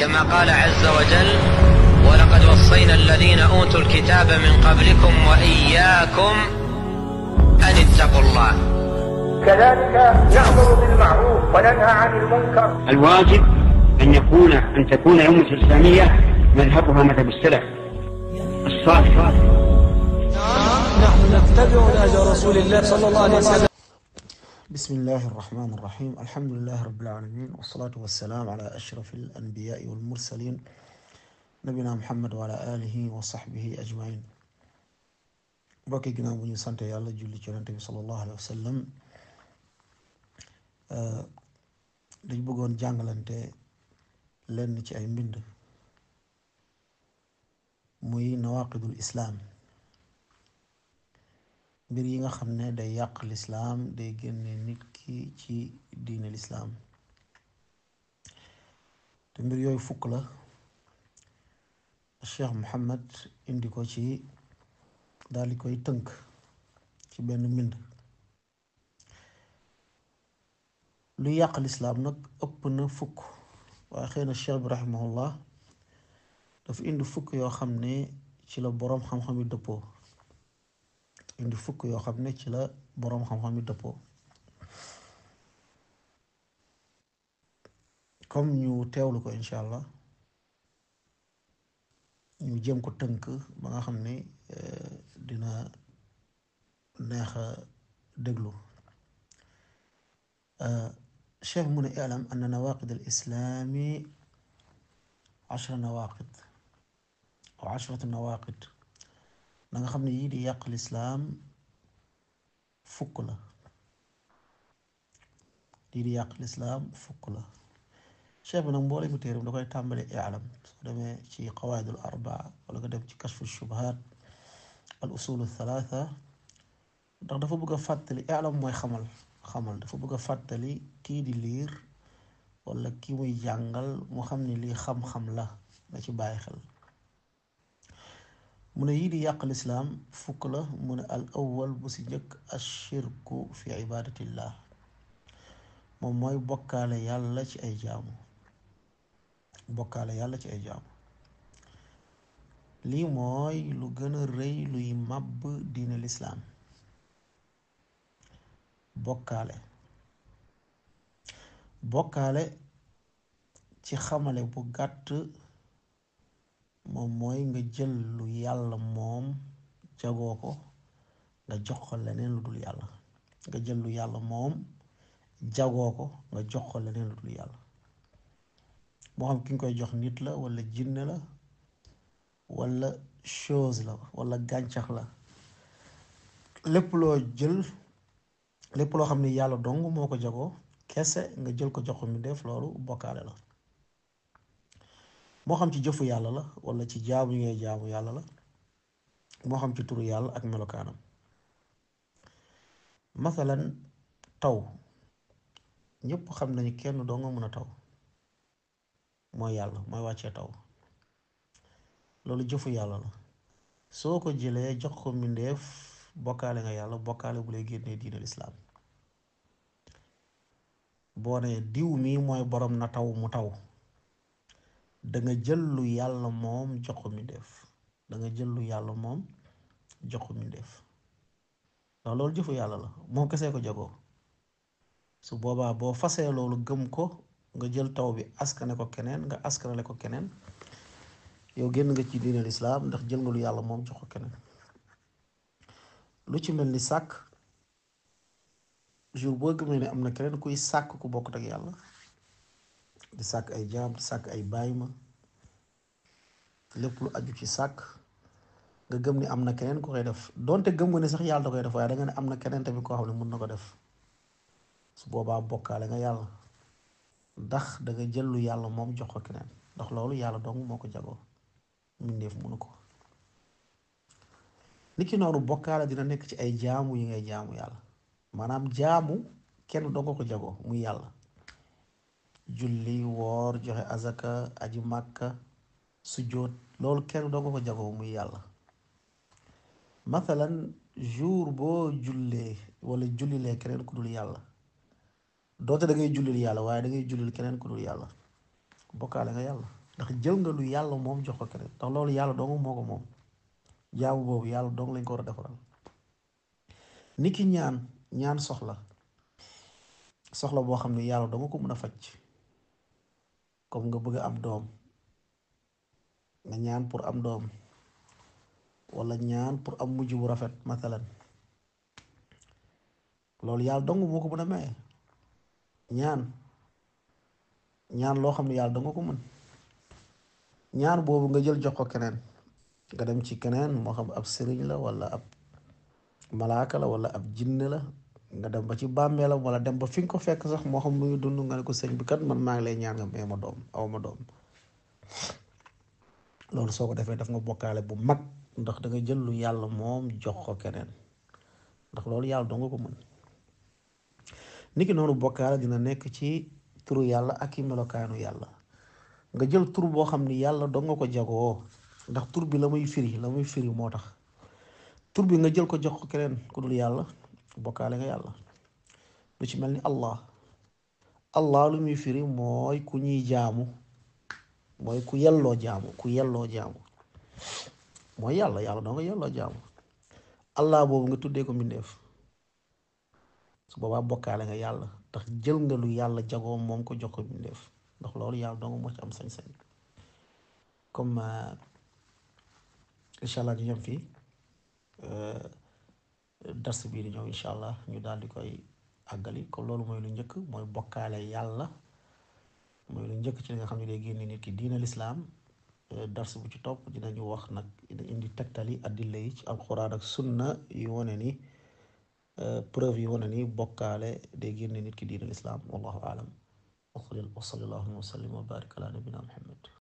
كما قال عز وجل ولقد وصينا الذين أوتوا الكتاب من قبلكم وإياكم أن اتقوا الله كذلك نأمر بالمعروف وننهى عن المنكر الواجب أن يكون أن تكون أمة الإسلامية مذهبها مذهب السلف الصالح نحن نتبع الأجر رسول الله صلى الله عليه وسلم بسم الله الرحمن الرحيم الحمد لله رب العالمين والصلاة والسلام على أشرف الأنبياء والمرسلين نبينا محمد وعلى آله وصحبه أجمعين بكي جنا بني سانتا الله جولي جنانتي صلى الله عليه وسلم dañ bëggoon jàngalante lenn ci ay مي نواقض الإسلام mbir yi nga xam ne day yàq lislaam day génne nit ki ci diine lislaam te mbir yooyu fukk la cheikh Muhammad indi ko ci daldi koy tënk ci benn mbind lu yàq lislaam nag ëpp na fukk waaye xëy na cheikh bi rahimahullah dafa indi fukk yoo xam ne ci la borom xam-xam yi dëppoo indi fukk yoo xam ne ci la borom xam-xam yi dëppoo comme ñu teewlu ko incha allah ñu jëm ko tënk ba nga xam ne dina neex a déglu cheikh mu ne alam anna nawaqid al islami ashra nawaqid aw nawaqid la nga xamne yi di yàq l'islam fukk la lii di yàq l'islam fukk la cheikh bi nag mboole mu téré da koy tàmbale i'lam soo démé ci qawaid al arbaa wala ko dem ci kashf kashfu shubahat al usul thalatha ndax dafa bëgg fatali i'lam moy xamal xamal dafa bëgg fatali ki di lire wala ki muy jàngal mu xamni li xam-xam la na ci baye xel mu ne yii di yàq lislaam fukk la mu ne al awwal bu si njëkk ashirku fi ibadatillah moom mooy bokkaale yàlla ci ay jaamu bokkaale yàlla ci ay jaamu lii mooy lu gëna rëy luy màbb diine lislaam bokkaale bokkaale ci xamale bu gàtt moom mooy nga jël lu yàlla moom jagoo ko nga jox ko leneen lu dul yàlla nga jël lu yàlla moom jagoo ko nga jox ko leneen lu dul yàlla moo xam ki nga koy jox nit la walla jinne la walla chose la wala gàncax la lépp loo jël lépp loo xam ne yàlla dong moo ko jagoo kese nga jël ko jox mi def loolu bokkaale la moo xam ci jëfu yàlla la wala ci jaamu yi jaamu yàlla la moo xam ci turu yàlla ak melokaanam masalan taw ñépp xam nañu kenn doo nga mën a taw mooy yàlla mooy wàccee taw loolu jëfu yàlla la soo ko jëlee jox ko mbindeef bokkaale nga yàlla bokkaale bu lay génnee diine lislaam boo ne diw mii mooy borom na taw mu taw danga jël lu yàlla moom jox mi def danga jël lu yàlla moom jox mi def ndax loolu jëfu yàlla la moom kese ko jagoo su boobaa boo fasee loolu gëm ko nga jël taw bi askane ko keneen nga askanale ko keneen yow génn nga ci diinal islaam ndax jël nga lu yàlla moom jox ko keneen lu ci mel ni sàkk jour boo gëmee ne am na keneen kuy sàkk ku bokkut ak yàlla di sàkk ay jaam di sàkk ay bàyyi ma lépp lu aju ci sàkk nga gëm ni am na keneen ku koy def donte gëm nga ne sax yàlla da koy def waaye da nga ne am na keneen tamit koo xam ne mun na ko def su boobaa bokkaale nga yàlla ndax danga nga jël lu yàlla moom jox ko keneen ndax loolu yàlla dong moo ko jagoo mbindeef mënu ko nit ki noonu bokkaale dina nekk ci ay jaamu yi ngay jaamu yàlla maanaam jaamu kenn dong ko jagoo muy yàlla. julli woor joxe azaka aji màkka sujjóot loolu kenn doo ko ko jagoo muy yàlla mathalan jour boo jullee wala jullilee keneen ku dul doote da ngay yàlla waaye da ngay jullil keneen ku dul yàlla bokkaale nga ndax jël nga lu yàlla moom jox ko keneen ndax loolu yàlla doo moo ko moom jaamu yàlla dong lañ ko war a defaral niki ñaan ñaan soxla soxla boo xam ne yàlla dong ko mën a faj comme nga bëgg am doom nga ñaan pour am doom wala ñaan pour am mujj bu rafet mathalan loolu yàlla dong moo ko mën a maye ñaan ñaan loo xam ne yàlla danga ko mën ñaan boobu nga jël jox ko keneen nga dem ci keneen moo xam ab sëriñ la wala ab malaaka la wala ab jinne la nga dem ba ci bàmmeelam wala dem ba fi nga ko fekk sax moo xam muy dund nga ne ko sëñ bi kat man maa ngi lay ñaan nga may ma doom aw ma doom loolu soo ko defee daf nga bokkaale bu mag ndax da nga jël lu yàlla moom jox ko keneen ndax loolu yàlla nga ko mën niki noonu bokkaale dina nekk ci turu yàlla ak i melokaanu yàlla nga jël tur boo xam ni yàlla nga ko jagoo ndax tur bi la muy firi la muy firi moo tax tur bi nga jël ko jox ko keneen ku dul yàlla bokkaale nga yàlla lu ci mel ni allah allah lu muy firi mooy ku ñuy jaamu mooy ku yelloo jaamu ku yelloo jaamu mooy yàlla yàlla doo nga yelloo jaamu allah boobu nga tuddee ko mbindeef su boobaa bokkaale nga yàlla ndax jël nga lu yàlla jagoo moom ko jox ko mbindeef ndax loolu yàlla doo nga moo ci am sañ-sañ comme euh, incha allah ñu fii euh, dars bii di ñëw incha allah ñu daal di koy àggali comme loolu mooy lu njëkk mooy bokkaale yàlla mooy lu njëkk ci li nga xam ne day génne nit ki diina lislaam euh, dars bu ci topp dinañu wax nag indi tegtali addilla yi ci alquran ak sunna yu wone ni euh, preuve yu wane ni bokkaale day génne nit ki diina lislaam wallahu alam wa sallallahu wa sallim wa barik ala nabina muhammad